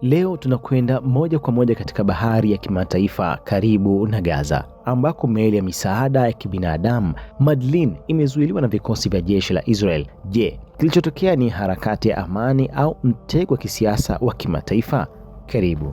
Leo tunakwenda moja kwa moja katika bahari ya kimataifa karibu na Gaza ambako meli ya misaada ya kibinadamu Madlin imezuiliwa na vikosi vya jeshi la Israel. Je, kilichotokea ni harakati ya amani au mtego wa kisiasa wa kimataifa? Karibu.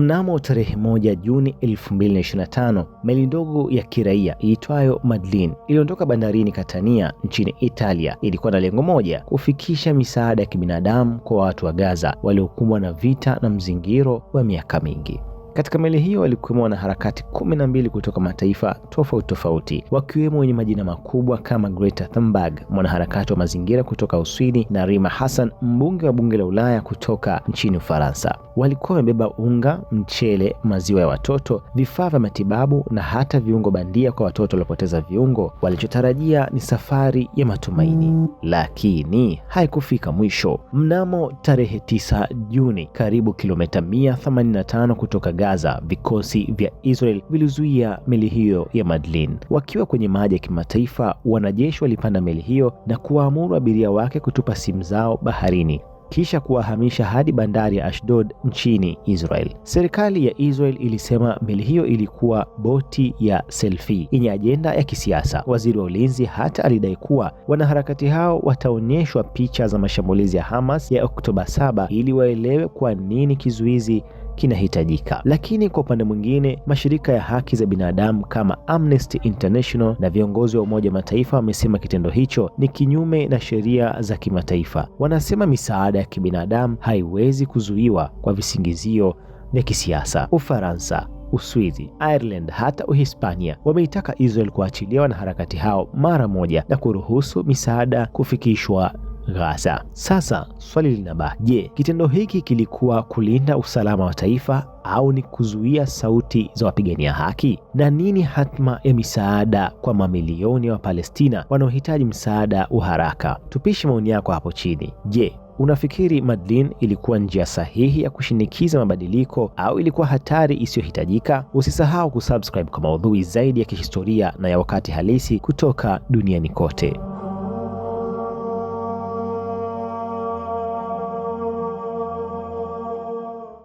Mnamo tarehe moja Juni 2025 meli ndogo ya kiraia iitwayo Madlin iliondoka bandarini Catania nchini Italia. Ilikuwa na lengo moja, kufikisha misaada ya kibinadamu kwa watu wa Gaza waliokumbwa na vita na mzingiro wa miaka mingi. Katika meli hiyo walikuwemo wanaharakati kumi na mbili kutoka mataifa tofauti tofauti, wakiwemo wenye majina makubwa kama Greta Thunberg, mwanaharakati wa mazingira kutoka Uswidi, na Rima Hassan, mbunge wa bunge la Ulaya kutoka nchini Ufaransa. Walikuwa wamebeba unga, mchele, maziwa ya watoto, vifaa vya matibabu na hata viungo bandia kwa watoto waliopoteza viungo, walichotarajia ni safari ya matumaini, lakini haikufika mwisho. Mnamo tarehe 9 Juni, karibu kilomita 185 kutoka Gaza, vikosi vya Israel vilizuia meli hiyo ya Madlin. Wakiwa kwenye maji ya kimataifa, wanajeshi walipanda meli hiyo na kuwaamuru abiria wake kutupa simu zao baharini kisha kuwahamisha hadi bandari ya Ashdod nchini Israel. Serikali ya Israel ilisema meli hiyo ilikuwa boti ya Selfie yenye ajenda ya kisiasa. Waziri wa ulinzi hata alidai kuwa wanaharakati hao wataonyeshwa picha za mashambulizi ya Hamas ya Oktoba 7 ili waelewe kwa nini kizuizi kinahitajika. Lakini kwa upande mwingine, mashirika ya haki za binadamu kama Amnesty International na viongozi wa Umoja Mataifa wamesema kitendo hicho ni kinyume na sheria za kimataifa. Wanasema misaada ya kibinadamu haiwezi kuzuiwa kwa visingizio vya kisiasa. Ufaransa, Uswizi, Ireland hata Uhispania wameitaka Israel kuachilia wanaharakati hao mara moja na kuruhusu misaada kufikishwa gaza Sasa swali linabaki, je, kitendo hiki kilikuwa kulinda usalama wa taifa au ni kuzuia sauti za wapigania haki? Na nini hatma ya misaada kwa mamilioni ya wa Wapalestina wanaohitaji msaada wa haraka? Tupishe maoni yako hapo chini. Je, unafikiri Madlin ilikuwa njia sahihi ya kushinikiza mabadiliko au ilikuwa hatari isiyohitajika? Usisahau kusubscribe kwa maudhui zaidi ya kihistoria na ya wakati halisi kutoka duniani kote.